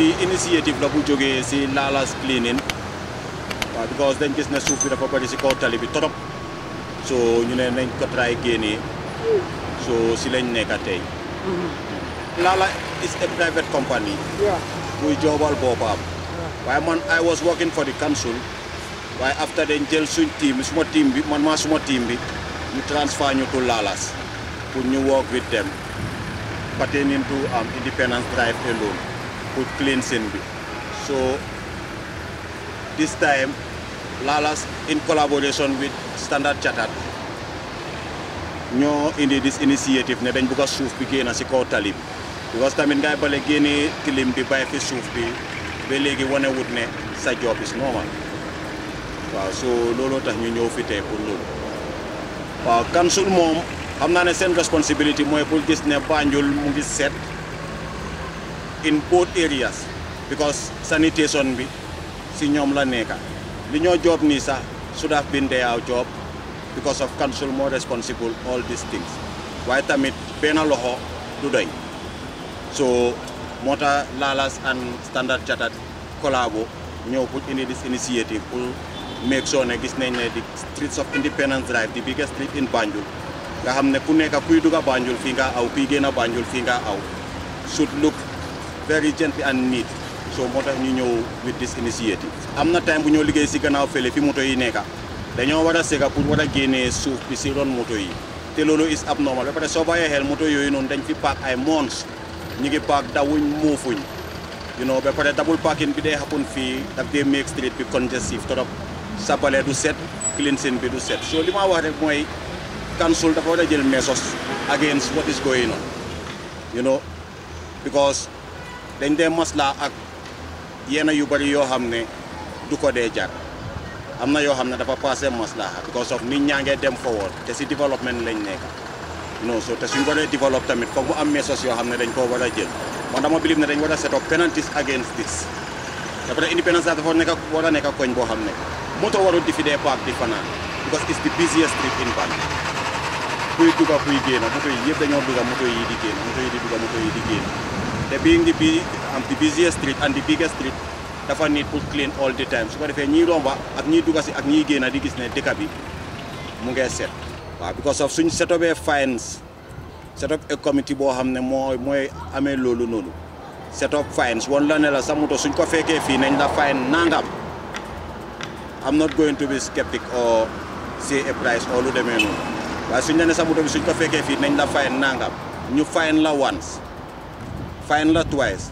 bi initiative la bu jógee si Lala's Cleaning waaw dañ gis ne suuf si kaw tali bi torop so ñu ne nañ ko try si lañ nekka tey mm-hmm. Lala is a private company buy joobal boppam waaye man I was working for the council waaye after dañ jël suñ team suma team bi man maa suma team bi ñu transfer ñu to Lala's pour ñu work with them pertaining to um, independence drive alone put cleansing bi so this time Lala's in collaboration with Standard Chartered ñoo indi this initiative ne dañ bugg suuf bi génn si kaw tali bi because tamit ngay bale génnee tilim bi bàyyi fi suuf bi ba léegi wane wut ne sa job is normal waaw so looloo tax ñu ñëw fi tey pour loolu waaw council moom xam naa ne seen responsibility mooy pour gis ne Banjul mu ngi set in both areas because sanitation bi si ñom la li ñoo job nisa sax should have been their job because of council more responsible all these things waaye tamit benn loxo du doy so mota Lalas and Standard Chartered collabo ñëw ko indi this initiative pour make sure ne gis nañ ne di streets of Independence Drive the biggest street in Banjul nga xamne ku nekk kuy duga Banjul fi nga aw kuy gene Banjul fi nga aw should look very gently and neat so moo tax ñu ñëw with this am na time bu ñoo liggéey si gannaaw fële fi moto yi nekka dañoo war a sega pour war a génnee suuf bi si ron moto yi te loolu is abnormal ba pare soo bàyyee xel moto yooyu noonu dañ fi paak ay mons ñu ngi paak dawuñ muufuñ you know ba pare double parking bi day happen fii daf dee make street bi congestive sa sabale du set cleansing bi du set so li ma wax rek mooy council dafa war a jël measures against what is going on you know because dañ dee maslaa ak yenn yu bari yoo xam ne du ko dee jar am na yoo xam ne dafa passé maslaa because of nit ñaa ngee dem forward te si développement lañ nekk non so te suñ waree développe tamit foog mu am message yoo xam ne dañ koo war a jël man dama bilib ne dañ war a set up penalties against this te pare independence dafa nekk war a nekk koñ boo xam ne moto warul di fi dee paak di fanaan because it's the busiest street in Banjul kuy dugga kuy génn moto yëpp dañoo dugga moto yi di génn moto yi te being the big am the busiest street and the biggest street dafa need pour clean all the time su ko defee ñiy romba ak ñiy dugga si ak ñiy génn di gis ne dëkk bi mu ngee set waaw because of suñ setobee fines setop a committee boo xam ne moo mooy amee loolu noonu setop fines won la ne la sa moto suñ ko fekkee fii nañ la fine nangam am not going to be skeptic or say a price or lu demee nu waaye suñ la ne sa moto bi suñ ko fekkee fii nañ la fine nangam ñu fine la fine la twice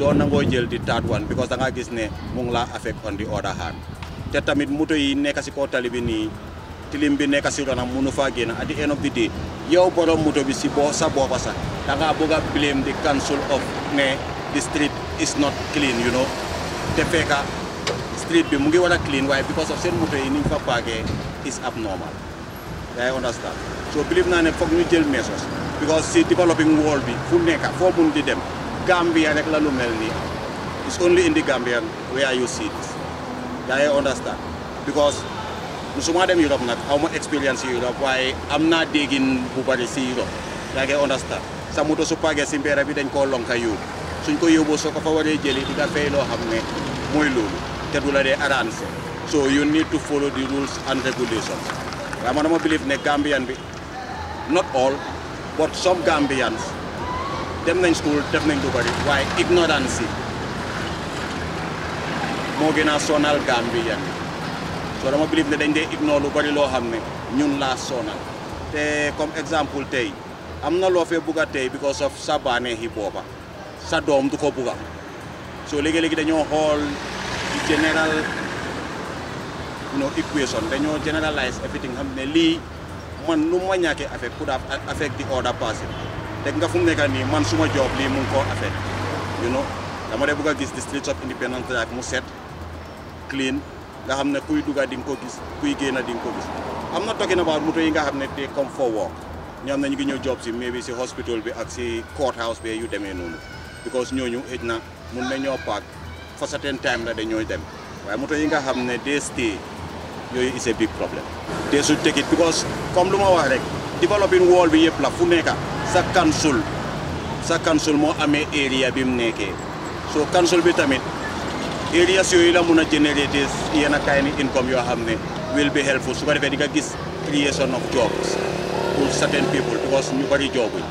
na ngo jël di taat one because da nga gis ne mu ngi la affect on the other hand té tamit moto yi nek ci ko talibi ni tilim bi ci si ronam munu fa génn nah, at the end of the day yow borom moto bi ci bo sa boppa sa da nga bëgg blame the council of ne the street is not clean you know té fekka street bi mu ngi wala clean why because of sen moto yi ni fa pagé is abnormal yaa ngi understand so believe na ne foog ñu jël measures because si developing world bi fu nekka fo mu di dem Gambia rek la lu mel nii it's only indi the Gambian where you see it yaa ngi understand because musuma dem Europe nag xaw ma expérience Europe waaye am naa déggin bu bari si Europe yaa ngi understand sa su pàggee si mbeera bi dañ koo lonka yóbbu suñ ko yóbbu soo ko fa waree jëli di nga fay loo xam ne mooy loolu te du la dee arrangé so you need to follow the rules and regulations waaye man dama believe ne Gambian bi not all but some Gambians dem nañ school def nañ du bëri waaye ignorance yi moo gën a sonal Gambien soo dama bilib ne dañ dee ignore lu bëri loo xam ne ñun laa sonal te comme exemple tey am na loo fee bugg a tey because of sa bànneexi booba sa doom du ko bugg a soo léegi-léegi dañoo xool general no equation dañoo generalize everything xam ne lii man nu ma ñàkkee affect could have affect the other dégg nga fu mu nekka nii man suma job lii mu ngi koo affect you know dama dee bëgg a gis district of independence ak mu set clean nga xam ne kuy dugga di ko gis kuy génn di nga ko gis am na talking about mu yi nga xam ne te comme for work ñoo am na ñëw job si mais bi si hospital bi ak si court house bi demee noonu because ñooñu xëj na mun na ñoo paak for certain time la dañooy dem waaye moto yi nga xam ne they stay yooyu is a big problem te su tekit because comme lu ma wax rek developing world bi yep la fu nekk sa council sa council mo amé area bi mu so council bi tamit areas yi la mun generate yena kay ni income yo xamné will be helpful su ko defee di gis creation of jobs for certain people because ñu bari joobuñ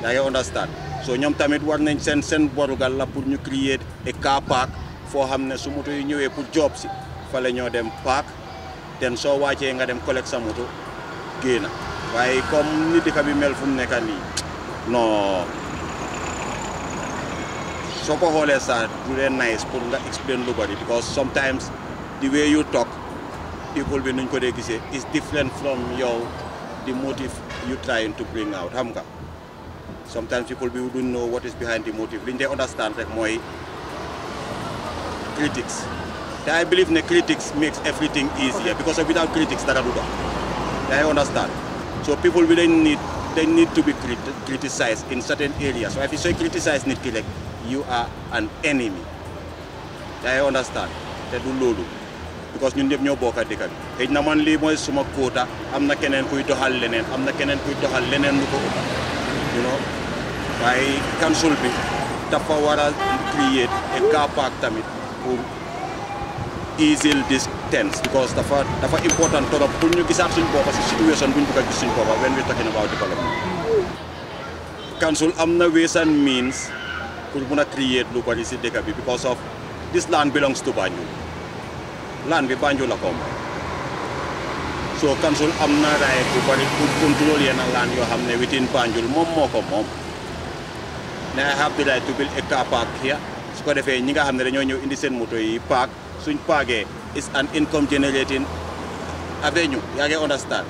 da nga understand so ñom tamit war nañ sen seen borugal la pour ñu create a car park for xamné su moto yi ñëwee pour jobs fa la ñoo dem park den so wàccee nga dem collect sa moto génn waaye comme ni dëkk bi mel fu mu nekka nii non soo ko xoolee sax du leen nice pour nga explain lu bari because sometimes the way you talk people bi nuñ ko dee gise is different from yow the motive you trying to bring out xam nga sometimes people bi duñ know what is behind the motive liñ dee understand rek mooy critics te I believe ne critics makes everything easier because without critics dara du dox understand So people will then need they need to be crit criticized in certain areas. So if you say criticize Nikki like you are an enemy. I understand. Te du loolu because you ñëpp ñoo bokk a dëkk bi xëy na man lii mooy suma quota am na keneen kuy doxal leneen am na keneen kuy doxal leneen lu ko ëpp you know waaye council bi dafa war a create a car park tamit pour easily this tense because dafa dafa important torop pour ñu gisaat suñ boppa si situation buñ bëgg a gis suñ boppa when we talking about development council am na ways and means pour mun a create lu bari si dëkk bi because of this land belongs to Banjul land bi Banjul la koom so council am na right bu bari pour contrôle yenn land yoo xam ne within Banjul moom moo ko moom ne I have the right to build a car park su ko defee ñi nga xam ne dañoo ñëw indi seen moto yi suñ pagé is an income generating avenue Ya, ngi understand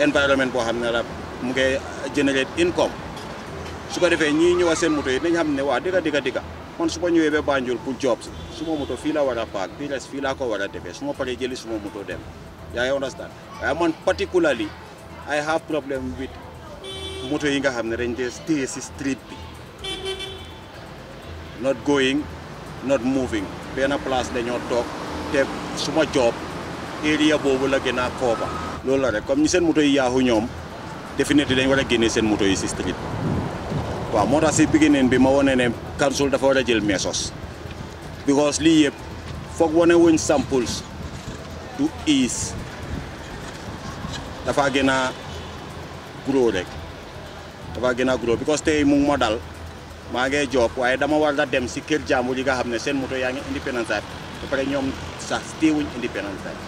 environment bo xamné la mu ngi generate income su ko defee ñii ñëwa seen moto yi dañ xamné wa diga diga diga kon su ko ñëwé ba Banjul pour job su mo moto fi la wara a paak di res fii laa ko wara défé su mo paré jëli su mo moto dem Ya, ngi understand waaye man particularly I have problem with moto yi nga xamné dañ dé stay street bi not going not moving benn place dañoo toog te suma job area boobu la gën a kooba loolu la rek comme ñu seen moto yi yaaxu ñoom definitely dañ war a génne seen moto yi si street waaw moo tax si beginning bi ma wane ne council dafa war a jël mesos because lii yëpp foog wane wuñ samples du ease dafa gën a grow rek dafa gën a grow because te mu ngi ma dal ma ngay job waye dama war la dem ci keur jàmbur li nga xamne sen moto yaa independence ak ba pare ñom sax téewuñ independence life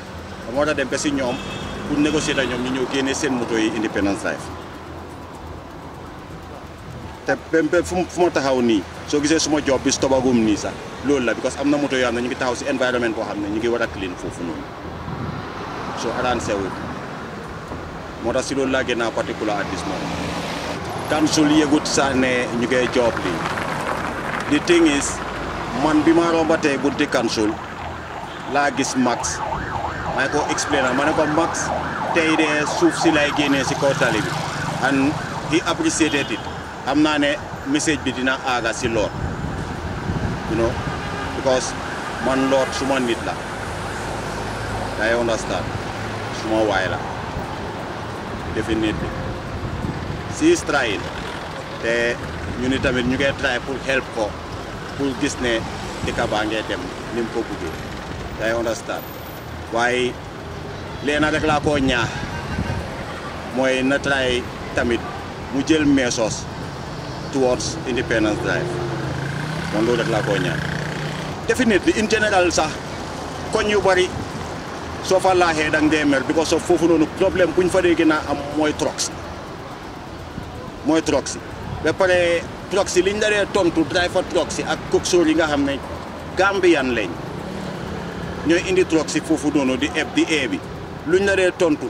mo war dem ba ci ñom pour négocier ak ñom ñu ñew gene sen moto yi independence life pem pem fu mo taxaw ni so gisé suma job bi stobagum ni sax lool la because amna moto yoo xam ñu ngi taxaw ci environnement bo xamne ñu ngi wara clean fofu non So arrangé wu mo tax ci lool la gëna particular at this moment Tanshul yëgut sax ne ñu koy joob lii the man bi ma rombatee bunti Kansul laa gis Max may ko explainer ma ne ko Max tey de suuf si lay génnee si kaw tali and he appreciated it xam naa ne message bi dina aaga si lool you know because man lool suma nit la day understand suma waay la definitely she is trying te ñu ni tamit ñu ngee try pour help ko pour gis ne dëkk baa ngee dem ni mu ko buggee day understand waaye lee na rek laa koo ñaax mooy na try tamit mu jël meesoos towards Independence Drive man loolu rek laa koo ñaax definitely in general sax koñ yu bari soo fa laaxee dang dee because of foofu noonu problème bu ñu fa dee gën a am mooy trucks mooy proxy ba pare proxy liñ daree tontu driver proxy ak coxeur yi nga xam ne Gambian lañ ñooy indi proxy foofu noonu di eb di ee bi luñ tontu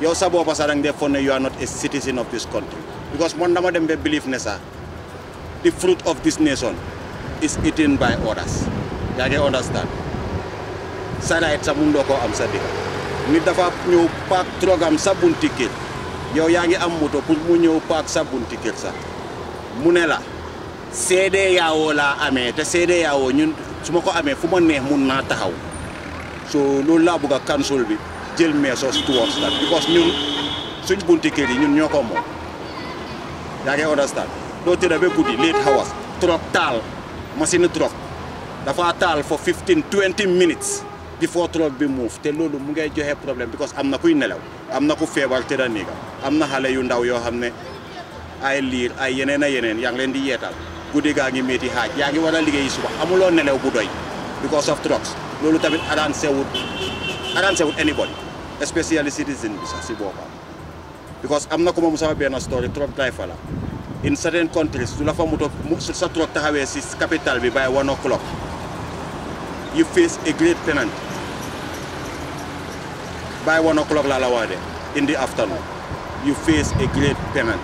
yow sa ne you are not a citizen of this country because man dama dem ba believe ne the fruit of this nation is eaten by others yaa ngi understand sa right sax mun doo koo am sa dëkk nit dafa ñëw pak trogam sa bunti kër yow yaa ngi am moto pour mu ñëw paak sa bunti kër sa mu ne la seede yaawoo laa amee te seede yaawoo ñun su ma ko amee fu ma neex mun naa taxaw so loolu laa bëgg a council bi jël measures towards that because ñun suñ bunti kër yi ñun ñoo ko moom yaa ngi understand doo tëdd ba guddi late hours truck taal machine trop dafa taal for 15 20 minutes before truck bi move te loolu mu ngay joxe problème because am na kuy nelaw am na ku feebar te da néega am na xale yu ndaw yoo xam ne ay liir ay yeneen a yeneen yaa ngi leen di yeetal guddi gaa ngi métti xaaj yaa ngi war a liggéey suba amuloo nelew bu doy because of drugs loolu tamit arrangé wut arrangé wut anybody especially citizen bi sax si boppam because am na ku ma musa benn story truck driver la in certain countries su la fa moto sa truck taxawee si capital bi by one o'clock you face a great penalty by 1 o'clock in the afternoon, you face a great payment.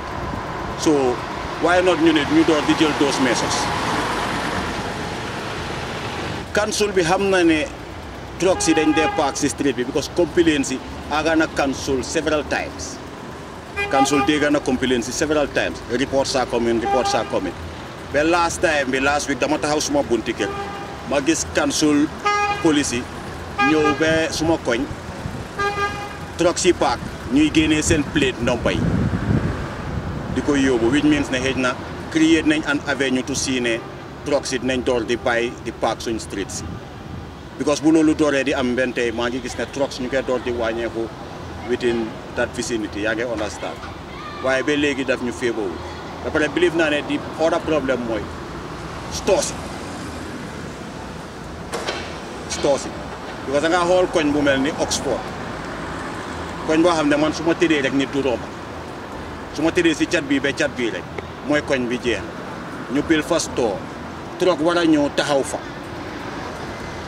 So why not you need ñu digital those measures. council be xam na ne trucks yi dañ dee street because complaints are gonna council several times. council dégg na several times reports are coming reports are coming The last time the last week the taxaw suma bunti bun ticket, magis council policy, ñëw be small coin. Troxypac ñuy génnee seen plate ndompay di koy yóbbu which means ne xëy na create nañ an avenue to see ne Troxy nañ door di bàyyi di park suñ streets because bu loolu dooree di am benn maa ngi gis ne Trox ñu koy door di wàññeeku within that vicinity yaa ngi understand waaye ba léegi daf ñu féebawul ba pare believe naa ne di other problème mooy stores stores because da ngaa xool koñ bu mel ni Oxford koñ boo xam ne man su ma tëddee rek ni du romb su ma tëddee si cat bii ba cat bii rek mooy koñ bi jeex ñu bil fas too troog war a ñëw taxaw fa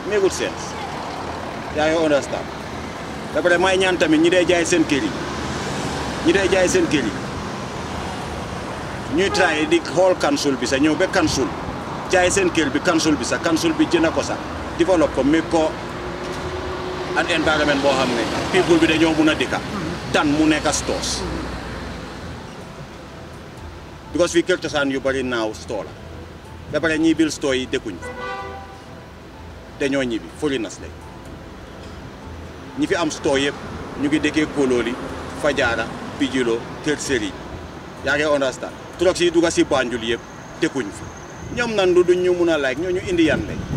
méegul sens yaa ngi understand ba pare may ñaan tamit ñi day jaay seen kër yi ñi day jaay seen kër yi ñuy traité di xool kansul bi sa ñëw ba kansul jaay seen kër bi kansul bi sa kansul bi jënd ko sax développe ko mais ko an environment bo xamné people bi dañu mëna a tan mu nekk stores because fii kër cosaan yu bari now store la ba pare ñii store yi dëkkuñ dañoo ñibbi nas lay ñi fi am store yëpp ñu ngi dëkkee Kololi Fajara Bijilo Kër Seri ya nga understand trucks yi dugg si Banjul yëpp dekuñ fi ñom nan du duñ ñu like ñoo ñu indian lañ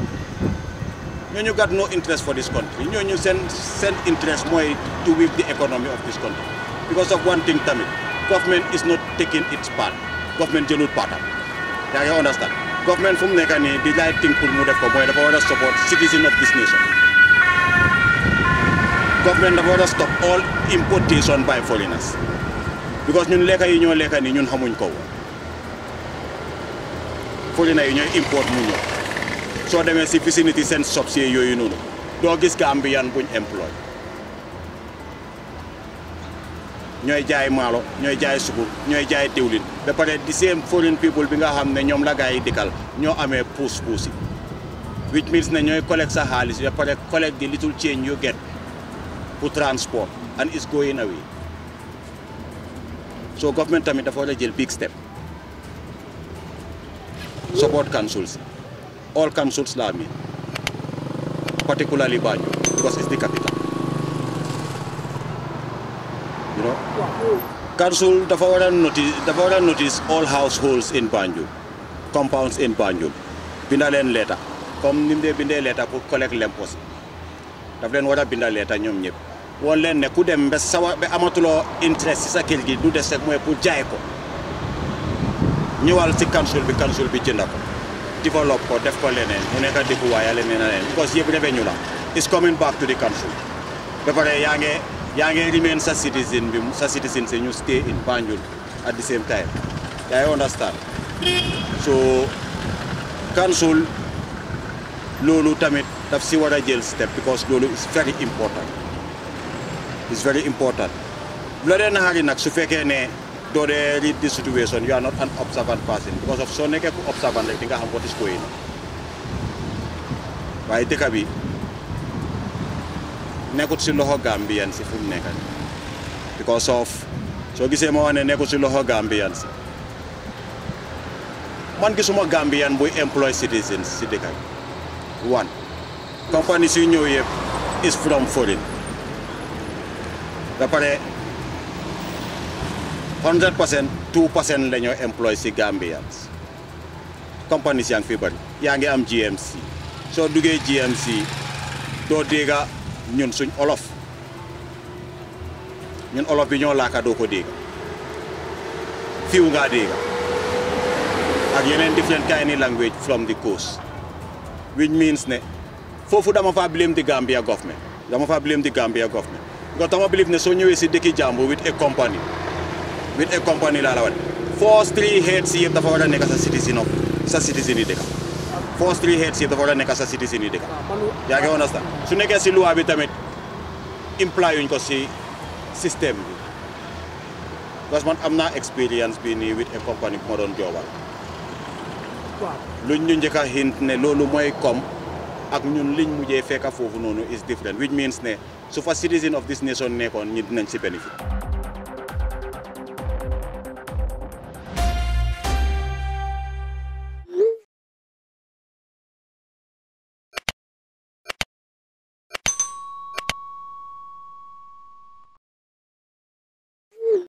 You got no interest for this country You send interest mooy to weak the economy of this country because of one thing tamit government is not taking its part government jëlul partam yaa I understand government from mu nekk nii di laay think pour mu def ko mooy dafa support citizen of this nation government dafa war stop all importation by foreigners because ñun lekka yi ñoo lekka nii ñun xamuñ ko foreigners import soo demee si vicinité seen sorcier yooyu noonu doo gis Gambian buñ employé ñooy jaay maalo ñooy jaay sukur ñooy jaay diwlin ba pare di same foreign people bi nga xam ne ñoom la gaa yi dikkal ñoo amee puus which means ne ñooy collect sa xaalis ba pare collect di little change you get pour transport and is going away so government tamit dafa war a jël big step support councils all councils Lami, particularly Banyu, because it's the capital. You dafa war Dafawara notice, Dafawara notice all households in Banyu, compounds in Banyu. Bindalen letter. Comme ni mu bindee letter pour collecte l'impôt. Daf leen war a bindal letter ñoom ñëpp. woon leen ne ku dem ba sawa ba amatuloo interest si sa kër gi du des rek mooy pour jaay ko wal si council bi council bi jënd ko. develop ko def ko leneen mu nekk dëkkuwaay yàlla nee na leen because yëpp revenue la is coming back to the country ba pare yaa ngi yaa ngi remain sa citizen bi sa citizen si ñu stay in Banjul at the same time yaa understand so council loolu tamit daf si war a jël step because loolu is very important is very important bu la dee naxari nag su fekkee ne though they read this situation, you are not an observant person because of so nekk ku observant rek di nga xam what is going on waaye dëkk bi nekkut si loxo Gambian si fu mu nekk nii because of soo gisee ma wax ne nekkut si loxo Gambian si man gisuma Gambian buy employ citizens si dëkk bi one compagnie ñëw yëpp is from foreign ba pare 100 percent 2 percent la ñoo si Gambians companies yaa ngi fi bëri yaa ngi am GMC soo duggee GMC doo dégg ñun suñ olof ñun olof bi ñoo laaka doo ko dégg fiw ngaa dégg ak yeneen different kind language from the coast which means ne foofu dama faa blame the Gambia government dama faa blame the Gambia government because dama believe ne soo ñëwee si dëkki jàmbur with a company with a company laa la wax force three heads yëpp dafa war a nekk sa citizen of sa citizen yi dëkk force three heads yëpp dafa war a nekk sa citizen yi dëkk ah, yaa ngi understand su nekkee si loi bi tamit imply yuñ ko si système bi parce que man am naa expérience bi nii with a company bu doon joobal lu ñu njëkk a hint ne loolu mooy comme ak ñun liñ mujjee fekk foofu noonu is different which means ne su fa citizen of this nation nekkoon ñu dinañ si